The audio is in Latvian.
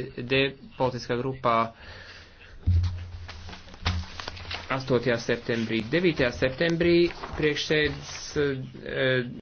D politiskā grupā 8. septembrī. 9. septembrī priekšsēdz. Eh,